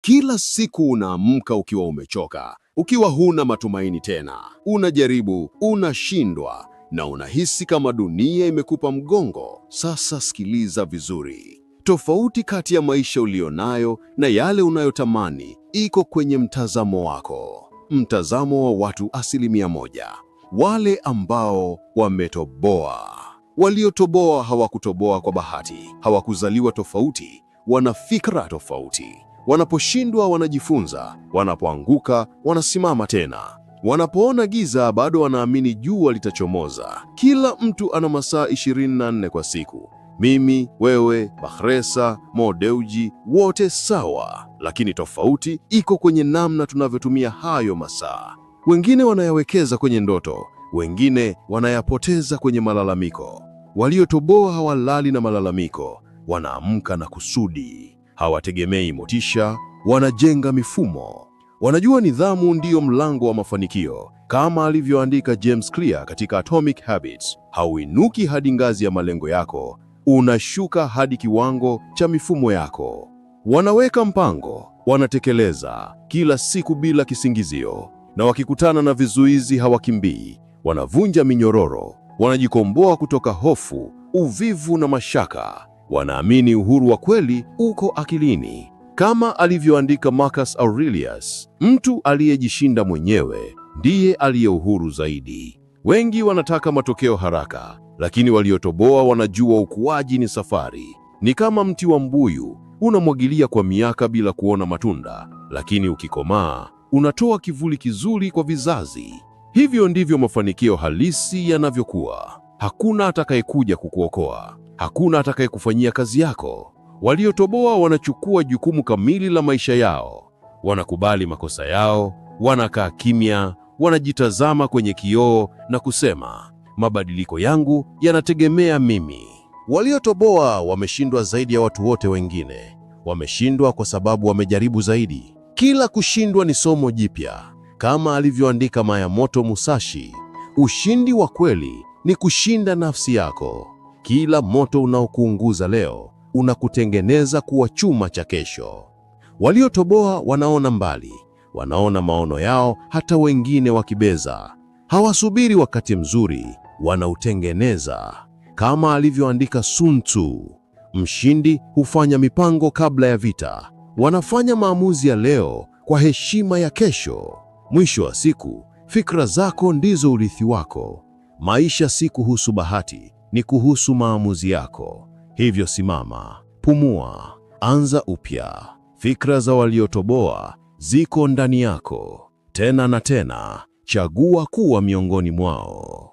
Kila siku unaamka ukiwa umechoka, ukiwa huna matumaini tena. Unajaribu, unashindwa na unahisi kama dunia imekupa mgongo. Sasa sikiliza vizuri. Tofauti kati ya maisha ulionayo na yale unayotamani iko kwenye mtazamo wako. Mtazamo wa watu asilimia moja, wale ambao wametoboa. Waliotoboa hawakutoboa kwa bahati, hawakuzaliwa tofauti, wana fikra tofauti Wanaposhindwa wanajifunza, wanapoanguka wanasimama tena, wanapoona giza bado wanaamini jua litachomoza. Kila mtu ana masaa 24 kwa siku. Mimi, wewe, Bakhresa, Mo Dewji, wote sawa, lakini tofauti iko kwenye namna tunavyotumia hayo masaa. Wengine wanayawekeza kwenye ndoto, wengine wanayapoteza kwenye malalamiko. Waliotoboa hawalali na malalamiko, wanaamka na kusudi hawategemei motisha, wanajenga mifumo. Wanajua nidhamu ndiyo mlango wa mafanikio, kama alivyoandika James Clear katika Atomic Habits: hauinuki hadi ngazi ya malengo yako, unashuka hadi kiwango cha mifumo yako. Wanaweka mpango, wanatekeleza kila siku bila kisingizio, na wakikutana na vizuizi hawakimbii, wanavunja minyororo, wanajikomboa kutoka hofu, uvivu na mashaka. Wanaamini uhuru wa kweli uko akilini. Kama alivyoandika Marcus Aurelius, mtu aliyejishinda mwenyewe ndiye aliye uhuru zaidi. Wengi wanataka matokeo haraka, lakini waliotoboa wanajua ukuaji ni safari. Ni kama mti wa mbuyu, unamwagilia kwa miaka bila kuona matunda, lakini ukikomaa unatoa kivuli kizuri kwa vizazi. Hivyo ndivyo mafanikio halisi yanavyokuwa. Hakuna atakayekuja kukuokoa hakuna atakayekufanyia kazi yako. Waliotoboa wanachukua jukumu kamili la maisha yao, wanakubali makosa yao, wanakaa kimya, wanajitazama kwenye kioo na kusema, mabadiliko yangu yanategemea mimi. Waliotoboa wameshindwa zaidi ya watu wote wengine. Wameshindwa kwa sababu wamejaribu zaidi. Kila kushindwa ni somo jipya, kama alivyoandika Miyamoto Musashi, ushindi wa kweli ni kushinda nafsi yako. Kila moto unaokuunguza leo unakutengeneza kuwa chuma cha kesho. Waliotoboa wanaona mbali, wanaona maono yao, hata wengine wakibeza. Hawasubiri wakati mzuri, wanautengeneza. Kama alivyoandika Sun Tzu, mshindi hufanya mipango kabla ya vita. Wanafanya maamuzi ya leo kwa heshima ya kesho. Mwisho wa siku, fikra zako ndizo urithi wako. Maisha si kuhusu bahati, ni kuhusu maamuzi yako. Hivyo simama, pumua, anza upya. Fikra za waliotoboa ziko ndani yako, tena na tena. Chagua kuwa miongoni mwao.